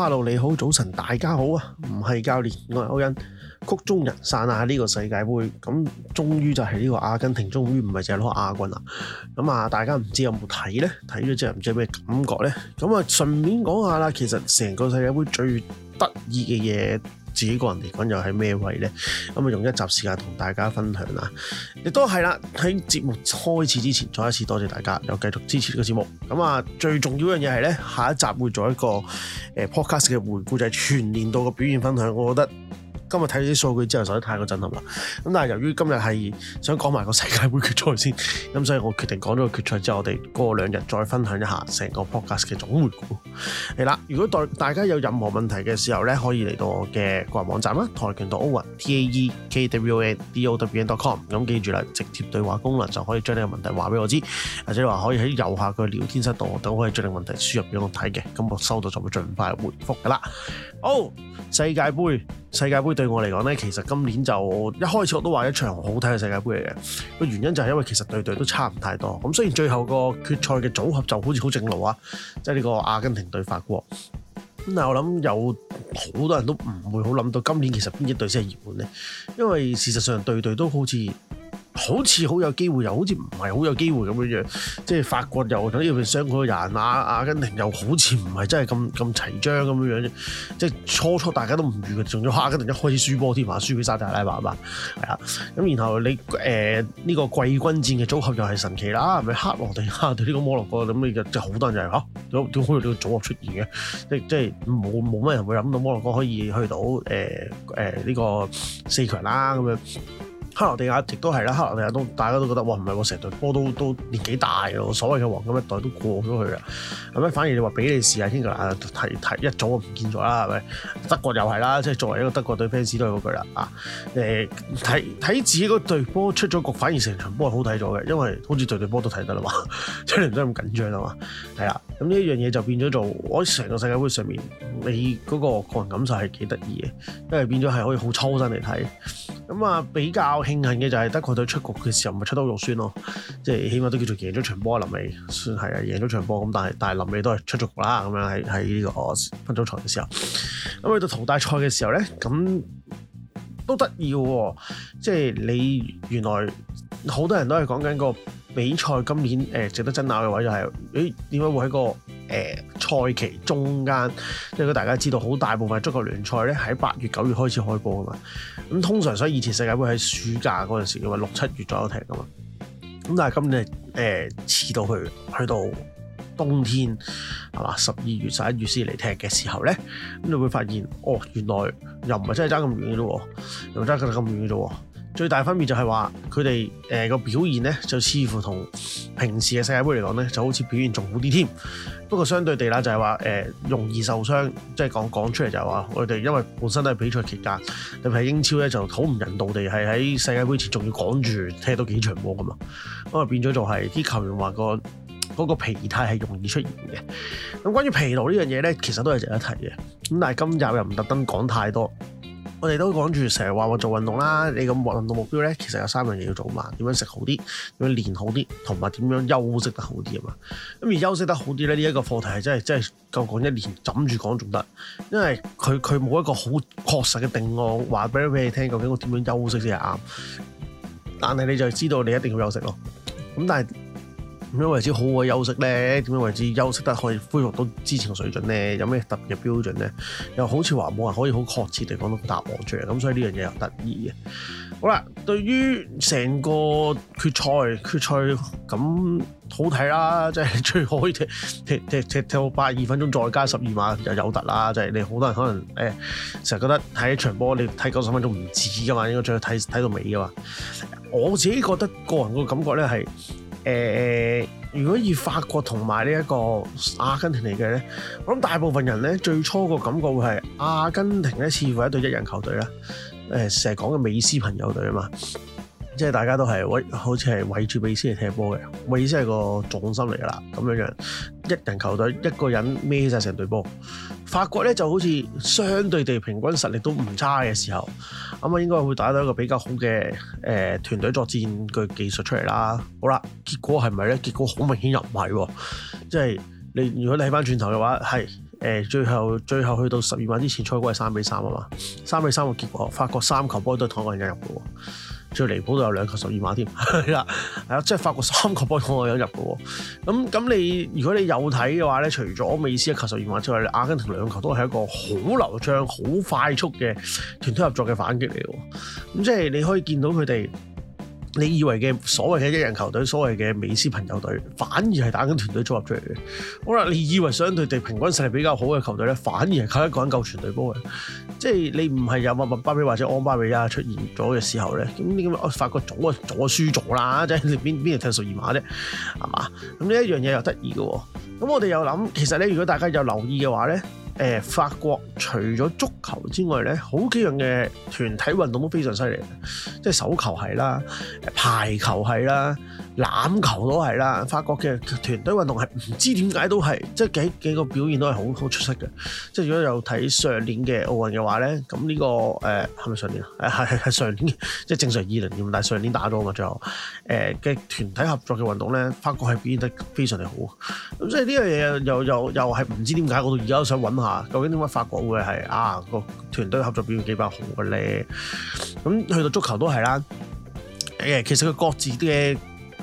哈嘍，你好，早晨，大家好啊！唔係教練，我係歐恩。曲終人散啊！呢個世界盃，咁終於就係呢個阿根廷，終於唔係淨係攞亞軍啦。咁啊，大家唔知有冇睇呢？睇咗之後唔知有咩感覺呢？咁啊，順便講下啦，其實成個世界盃最得意嘅嘢。自己個人嚟講又係咩位呢？咁啊，用一集時間同大家分享啦。亦都係啦，喺節目開始之前，再一次多謝大家又繼續支持呢個節目。咁啊，最重要一樣嘢係呢：下一集會做一個、呃、podcast 嘅回顧，就係、是、全年度嘅表現分享。我覺得。今日睇咗啲數據之後，實在太過震撼啦！咁但係由於今日係想講埋個世界盃決賽先，咁所以我決定講咗個決賽之後，我哋過兩日再分享一下成個 podcast 嘅總回顧。係啦，如果代大家有任何問題嘅時候咧，可以嚟到我嘅個人網站啦，跆拳道 Owen TAEKWONDOWEN.com，咁記住啦，直接對話功能就可以將呢個問題話俾我知，或者話可以喺右下個聊天室度我都可以將你問題輸入俾我睇嘅，咁我收到就會盡快回覆噶啦。好，世界盃。世界盃對我嚟講咧，其實今年就一開始我都話一場好睇嘅世界盃嚟嘅。個原因就係因為其實隊隊都差唔太多。咁雖然最後個決賽嘅組合就好似好正路啊，即係呢個阿根廷對法國。咁但係我諗有好多人都唔會好諗到今年其實邊一隊先係熱門咧，因為事實上隊隊都好似。好似好有機會，又好似唔係好有機會咁樣樣。即係法國又等於佢嘅傷嗰個人啊，阿根廷又好似唔係真係咁咁齊張咁樣樣。即係初初大家都唔預嘅，仲要阿根廷一開始輸波添啊，輸俾沙特拉伯嘛。係啊，咁然後你誒呢、呃呢個季軍戰嘅組合又係神奇啦，係咪克羅地亞對呢個摩洛哥？咁而家就好、係、多人就嚇、係，吓、啊，點可能呢個組合出現嘅？即即係冇冇乜人會諗到摩洛哥可以去到誒誒呢個四強啦咁樣。克羅地亞亦都係啦，克羅地亞都大家都覺得哇，唔係我成隊波都都年紀大咯，所謂嘅黃金一代都過咗去啦。反而你話比利時啊、英格蘭提提，提一早就唔見咗啦，係咪？德國又係啦，即係作為一個德國隊 fans 都係嗰句啦。啊睇睇、呃、自己個隊波出咗局，反而成場波係好睇咗嘅，因為好似對隊波都睇得啦嘛，出嚟都咁緊張啊嘛。係啦，咁呢一樣嘢就變咗做我喺成個世界盃上面，你嗰個個人感受係幾得意嘅，因為變咗係可以好抽身嚟睇。咁啊，比較慶幸嘅就係德國隊出局嘅時候，咪出到肉酸咯，即係起碼都叫做贏咗場波。臨尾算係啊，贏咗場波咁，但係但係臨尾都係出咗局啦，咁樣喺喺呢個分組賽嘅時候。咁去到淘汰賽嘅時候咧，咁都得意喎！即係、就是、你原來好多人都係講緊個比賽今年誒、呃、值得爭拗嘅位就係、是，誒點解會喺個？誒賽期中間，因為大家知道，好大部分足球聯賽咧喺八月九月開始開播啊嘛。咁通常，所以以前世界盃喺暑假嗰陣時嘅嘛，六七月左右踢啊嘛。咁但係今年誒、欸、遲到去，去到冬天係嘛？十二月、十一月先嚟踢嘅時候咧，咁你會發現，哦，原來又唔係真係爭咁遠嘅啫，又爭得咁遠嘅啫。最大分別就係話佢哋誒個表現咧，就似乎同平時嘅世界盃嚟講咧，就好似表現仲好啲添。不過相對地啦，就係話誒容易受傷，即係講講出嚟就係話，我哋因為本身都係比賽期間，特別係英超咧就好唔人道地係喺世界盃前仲要趕住踢到幾場波咁嘛，咁啊變咗就係啲球員話個嗰個疲態係容易出現嘅。咁關於疲勞呢樣嘢咧，其實都係值得一提嘅。咁但係今日又唔特登講太多。我哋都講住成日話話做運動啦，你咁運動目標咧，其實有三樣嘢要做嘛。點樣食好啲？點樣練好啲？同埋點樣休息得好啲啊嘛？咁而休息得好啲咧，呢一個課題係真係真係夠講一年枕住講仲得，因為佢佢冇一個好確實嘅定案話俾俾你聽，究竟我點樣休息先係啱？但係你就知道你一定要休息咯。咁但係。點樣為之好嘅休息咧？點樣為之休息得可以恢復到之前嘅水準咧？有咩特別嘅標準咧？又好似話冇人可以好確切地講到答我住啊！咁所以呢樣嘢又得意嘅。好啦，對於成個決賽決賽咁好睇啦，即係最好可以踢踢踢踢到八二分鐘再加十二碼又有得啦，即係你好多人可能誒，成、欸、日覺得睇一場波你睇九十分鐘唔止噶嘛，應該要睇睇到尾噶嘛。我自己覺得個人嘅感覺咧係。誒，如果以法國同埋呢一個阿根廷嚟計咧，我諗大部分人咧，最初個感覺會係阿根廷咧，似乎係一隊一人球隊啦，誒成日講嘅美斯朋友隊啊嘛。即係大家都係，喂，好似係圍住美斯嚟踢波嘅。美斯係個重心嚟噶啦，咁樣樣一人球隊一個人孭晒成隊波。法國咧就好似相對地平均實力都唔差嘅時候，咁啊應該會打到一個比較好嘅誒、呃、團隊作戰嘅技術出嚟啦。好啦，結果係咪咧？結果好明顯又唔係喎，即係你如果你起翻轉頭嘅話，係誒、呃、最後最後去到十二碼之前，賽果係三比三啊嘛。三比三個結果，法國三球波都係同一個人入嘅喎。最離譜都有兩球十二碼添係啦，係啊，即係發過三個波，我有入嘅喎。咁咁你如果你有睇嘅話咧，除咗美斯一球十二碼之外，阿根廷兩球都係一個好流暢、好快速嘅團隊合作嘅反擊嚟嘅。咁即係你可以見到佢哋。你以為嘅所謂嘅一人球隊，所謂嘅美斯朋友隊，反而係打緊團隊組合出嚟嘅。好啦，你以為相對地平均實力比較好嘅球隊咧，反而係靠一個人救全隊波嘅。即係你唔係有密密巴比或者安巴比啊出現咗嘅時候咧，咁你個我發覺早啊早啊輸早啦，即係邊邊度踢十二碼啫，係嘛？咁呢一樣嘢又得意嘅。咁我哋又諗，其實咧，如果大家有留意嘅話咧。誒、呃、法國除咗足球之外咧，好幾樣嘅團體運動都非常犀利，即係手球係啦，排球係啦。籃球都係啦，法國嘅團隊運動係唔知點解都係，即係幾幾個表現都係好好出色嘅。即係如果有睇上年嘅奧運嘅話咧，咁呢、呢個誒係咪上年啊？係係係上年，即係正常二零年，但係上年打咗啊嘛，最後誒嘅、呃、團體合作嘅運動咧，法國係表現得非常之好。咁即係呢樣嘢又又又係唔知點解，我到而家都想揾下，究竟點解法國會係啊個團隊合作表現幾咁好嘅咧？咁去到足球都係啦，誒其實佢各自嘅。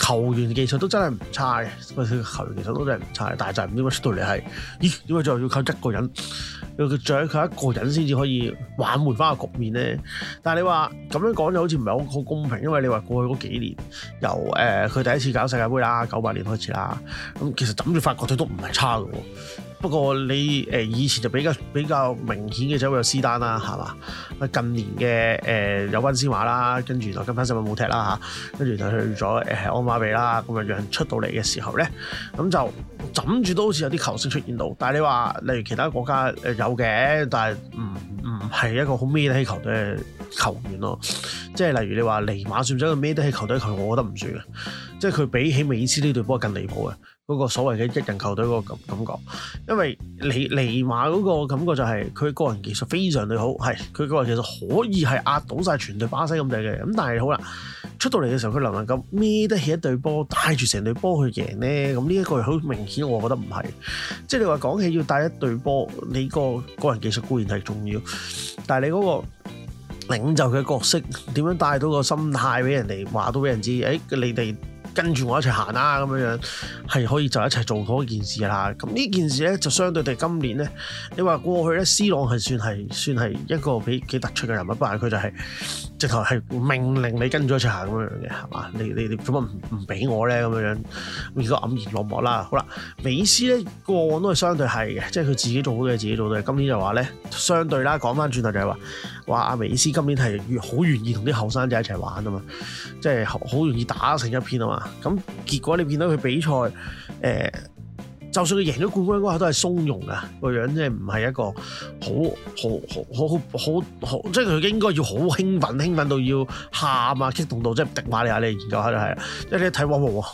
球員技術都真係唔差嘅。球員技術都真係唔差嘅，但係就係唔知乜解出到嚟係，咦？點解最後要靠一個人，要佢最靠一個人先至可以挽回翻個局面咧？但係你話咁樣講就好似唔係好好公平，因為你話過去嗰幾年，由誒佢、呃、第一次搞世界盃啦，九八年開始啦，咁其實諗住發覺佢都唔係差嘅喎。不過你誒以前就比較比較明顯嘅就會有斯丹啦，係嘛？近年嘅誒、呃、有溫斯馬啦，跟住就近排新聞冇踢啦，跟住就去咗誒、呃、安馬比啦。咁樣出到嚟嘅時候咧，咁就枕住都好似有啲球星出現到。但係你話例如其他國家有嘅，但係唔唔係一個好孭得起球隊嘅球員咯。即係例如你話尼馬算唔算一個孭得起球隊球員？我覺得唔算嘅，即係佢比起美斯呢隊波更離譜嘅。嗰、那個所謂嘅一人球隊嗰個感感覺，因為尼尼馬嗰個感覺就係佢個人技術非常之好，係佢個人技術可以係壓倒晒全隊巴西咁滯嘅，咁但係好啦，出到嚟嘅時候佢能唔能夠孭得起一隊波帶住成隊波去贏呢？咁呢一個好明顯，我覺得唔係。即係你話講起要帶一隊波，你個個人技術固然係重要，但係你嗰個領袖嘅角色點樣帶到個心態俾人哋，話到俾人知，誒、哎、你哋。跟住我一齊行啦、啊，咁樣樣係可以就一齊做嗰件事啦。咁呢件事咧就相對地今年咧，你話過去咧，C 朗係算係算係一個幾幾突出嘅人物，不過佢就係、是、直頭係命令你跟住一齊行咁樣嘅，係嘛？你你你做乜唔唔俾我咧？咁樣樣，結果黯然落幕啦。好啦，美斯咧過往都係相對係嘅，即係佢自己做好嘅自己做到嘅。今年就話咧，相對啦，講返轉頭就係話話阿美斯今年係好願意同啲後生仔一齊玩啊嘛，即係好容易打成一片啊嘛。咁結果你見到佢比賽，呃、就算佢贏咗冠軍嗰下都係松茸啊個樣，即係唔係一個好好好好好好即係佢應該要好興奮，興奮到要喊啊，激動到即係迪馬利亞。你研究下就係啦，即係你睇沃喎，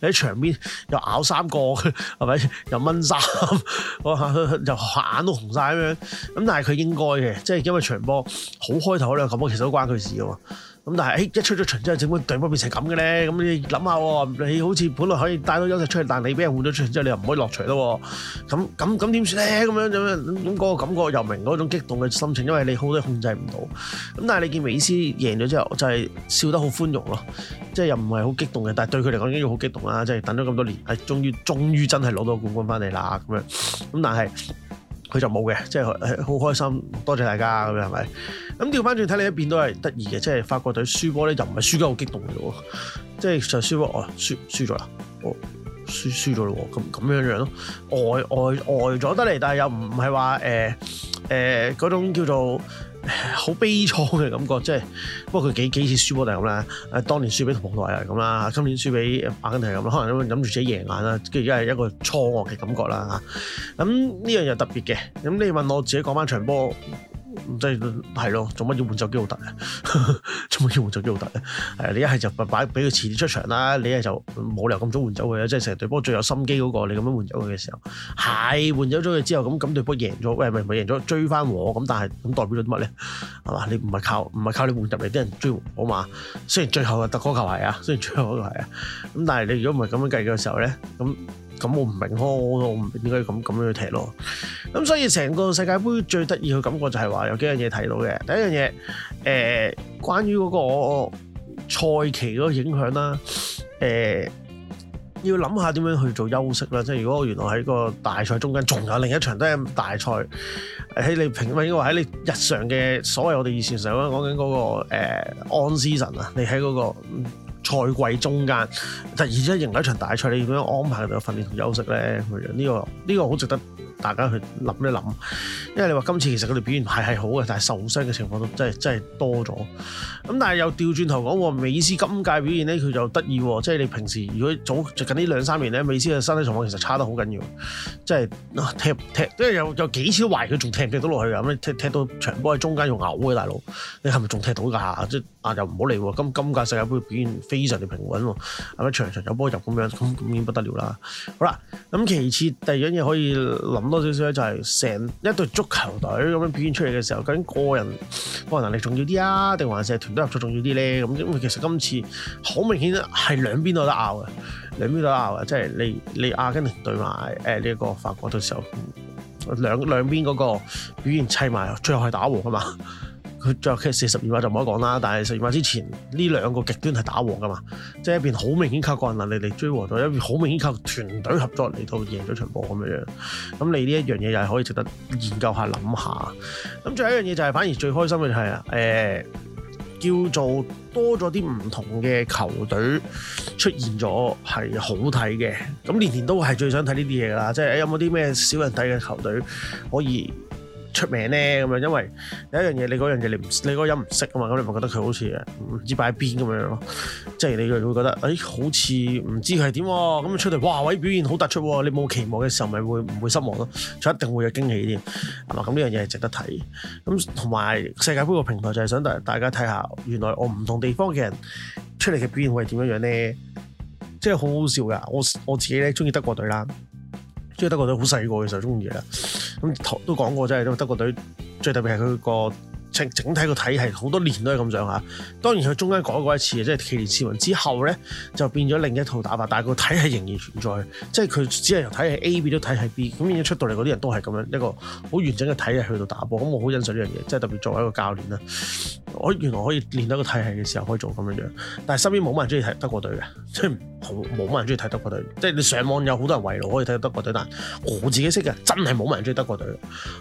喎，喺場邊又咬三個，係咪又掹衫， 又眼都紅晒咁樣，咁但係佢應該嘅，即係因為場波好開頭嗰兩球其實都關佢事嘅喎。咁但係，誒一出咗場之後，整個人對方變成咁嘅咧？咁你諗下喎，你好似本來可以帶到優勢出嚟，但係你俾人換咗出之後，你又唔可以落場咯。咁咁咁點算咧？咁樣咁樣，咁、那、嗰個感覺又明嗰種激動嘅心情，因為你好多控制唔到。咁但係你見美斯贏咗之後，就係、是、笑得好寬容咯，即係又唔係好激動嘅。但係對佢嚟講應該要好激動啦，即、就、係、是、等咗咁多年，係終於終於真係攞到冠軍翻嚟啦咁樣。咁但係。佢就冇嘅，即係好開心，多謝大家咁樣係咪？咁調翻轉睇你一邊都係得意嘅，即係法國隊輸波咧就唔係輸得好激動嘅喎，即係就輸波哦，輸輸咗啦，哦，輸輸咗咯，咁、哦、咁樣樣咯，呆呆呆咗得嚟，但係又唔係話誒誒嗰種叫做。好悲慘嘅感覺，即係不過佢幾幾次輸波就係咁啦。誒，當年輸俾葡萄牙係咁啦，今年輸俾阿根廷咁啦。可能諗住自己贏眼啦，跟住而家係一個錯愕嘅感覺啦嚇。咁呢樣又特別嘅。咁你問我自己講翻場波。即係係咯，做乜要換走基奧特啊？做 乜要換走基奧特咧？係你一係就擺俾佢遲啲出場啦，你一係就冇理由咁早換走佢啊！即係成隊波最有心機嗰、嗰個，你咁樣換走佢嘅時候，係換走咗佢之後，咁咁隊波贏咗，喂咪係贏咗追翻和咁，但係咁代表咗啲乜咧？係嘛，你唔係靠唔係靠你換入嚟啲人追和嘛？雖然最後係特嗰球係啊，雖然最後嗰個係啊，咁但係你如果唔係咁樣計嘅時候咧，咁。咁我唔明，我我唔應該咁咁樣去踢咯。咁所以成個世界盃最得意嘅感覺就係話有幾樣嘢睇到嘅。第一樣嘢，誒、呃，關於嗰個賽期嗰個影響啦、呃。要諗下點樣去做休息啦。即係如果我原來喺個大賽中間，仲有另一場都係大賽，喺你評論，應該話喺你日常嘅所謂我哋以前成日講緊嗰個 on season 啊，你喺嗰個。呃賽季中間，突然之間贏一場大賽，你點樣安排佢哋嘅訓練同休息咧？呢、呢個呢、呢個好值得大家去諗一諗。因為你話今次其實佢哋表現係係好嘅，但係受傷嘅情況都真係真係多咗。咁但係又調轉頭講，美斯今屆表現咧，佢就得意。即係你平時如果早最近呢兩三年咧，美斯嘅身體狀況其實差得好緊要。即係踢、啊、踢，即係有有幾次都懷疑，佢仲踢唔踢到落去咁、嗯、踢踢到場波喺中間要嘔嘅大佬，你係咪仲踢到㗎？即係啊，又唔好理喎、啊。今今屆世界盃表現。非常之平穩喎，係咪場場有波入咁樣，咁咁已經不得了啦。好啦，咁其次第二樣嘢可以諗多少少咧，就係成一隊足球隊咁樣表現出嚟嘅時候，究竟個人個人能力重要啲啊，定還是係團隊合作重要啲咧？咁咁其實今次好明顯係兩邊都有得拗嘅，兩邊都有得拗嘅，即係你你阿根廷對埋誒呢個法國嘅時候，兩兩邊嗰個表現砌埋，最後係打和啊嘛。佢最後其實十二碼就唔好講啦，但係十二碼之前呢兩個極端係打和㗎嘛，即係一邊好明顯靠個人能力嚟追和到，一邊好明顯靠團隊合作嚟到贏咗場波咁樣樣。咁你呢一樣嘢又係可以值得研究下、諗下。咁最後一樣嘢就係反而最開心嘅就係啊，誒叫做多咗啲唔同嘅球隊出現咗係好睇嘅。咁年年都係最想睇呢啲嘢㗎啦，即係有冇啲咩少人睇嘅球隊可以？出名呢，咁樣，因為有一樣嘢你嗰樣嘢你唔你嗰音唔識啊嘛，咁你咪覺得佢好似唔知擺邊咁樣咯。即係你會覺得，哎，好似唔知佢係點咁出嚟，哇！位表現好突出，你冇期望嘅時候咪會唔會失望咯？就一定會有驚喜添。係嘛？咁呢樣嘢係值得睇。咁同埋世界盃個平台就係想大大家睇下，原來我唔同地方嘅人出嚟嘅表現會係點樣樣呢。即係好好笑㗎！我我自己咧中意德國隊啦。即係德國隊好細個嘅時候鍾意啦，咁都講過真係，因為德國隊最特別係佢個，整體個體系好多年都係咁上下，當然佢中間改過一次，即係奇連斯雲之後咧，就變咗另一套打法，但係個體系仍然存在，即係佢只係由體系 A 變到體系 B，咁而出到嚟嗰啲人都係咁樣一個好完整嘅體系去到打波，咁我好欣賞呢樣嘢，即係特別作為一個教練啦，我原來可以練到個體系嘅時候可以做咁樣樣，但係身邊冇人中意睇德國隊嘅，即係冇冇人中意睇德國隊，即係你上網有好多人圍爐可以睇德國隊，但係我自己識嘅真係冇人中意德國隊，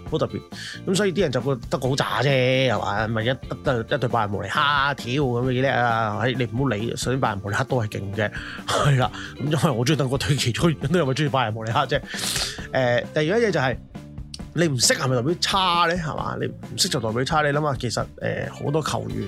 好特別，咁所以啲人就覺得個好渣啫。又話咪一得得一對拜仁慕尼黑條咁嘅嘢咧啊！你唔好理，雖然拜仁慕尼黑都係勁嘅，係啦。咁因為我中意德國隊，其中人都係咪中意拜仁慕尼黑啫？誒、呃，第二樣嘢就係、是。你唔識係咪代表差咧？係嘛？你唔識就代表差？你諗下，其實誒、呃、好多球員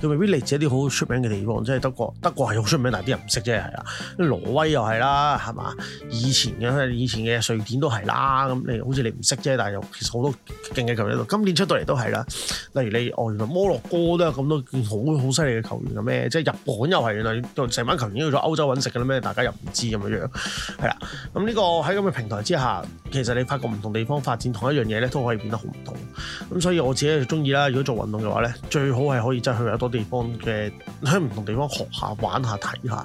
佢未必嚟自一啲好出名嘅地方，即係德國，德國係好出名，但係啲人唔識啫，係啦。挪威又係啦，係嘛？以前嘅以前嘅瑞典都係啦。咁你好似你唔識啫，但係又其實好多勁嘅球員喺度。今年出到嚟都係啦。例如你哦，原來摩洛哥都有咁多好好犀利嘅球員嘅咩？即係日本又係原來成班球員已經去咗歐洲揾食嘅啦咩？大家又唔知咁樣樣，係啦。咁呢個喺咁嘅平台之下。其實你發覺唔同地方發展同一樣嘢咧，都可以變得好唔同。咁所以我自己就鍾意啦。如果做運動嘅話咧，最好係可以即係去有多地方嘅喺唔同地方學下、玩下、睇下。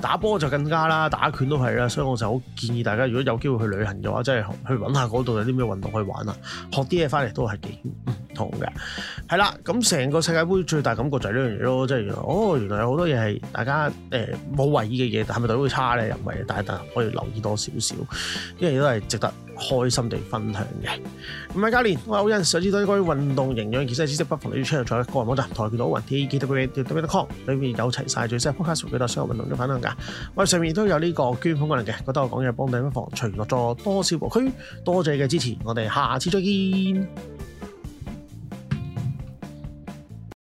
打波就更加啦，打拳都係啦。所以我就好建議大家，如果有機會去旅行嘅話，即係去揾下嗰度有啲咩運動可以玩啊，學啲嘢翻嚟都係幾～同嘅，係啦，咁成個世界盃最大感覺就係呢樣嘢咯，即係原來哦，原來有好多嘢係大家誒冇為意嘅嘢，但係咪都會差咧，又唔係，但係但係可以留意多少少，呢樣嘢都係值得開心地分享嘅。唔係教練，我有陣時想知道關於運動營養，其實知識不妨，你要 check 一個網站，taekwondowen.com 裏面有齊晒最新 podcast，幾多相關運動都分享噶。我哋上面都有呢個捐款功能嘅，覺得我講嘢幫到你，不妨除落咗多少部區，多謝嘅支持，我哋下次再見。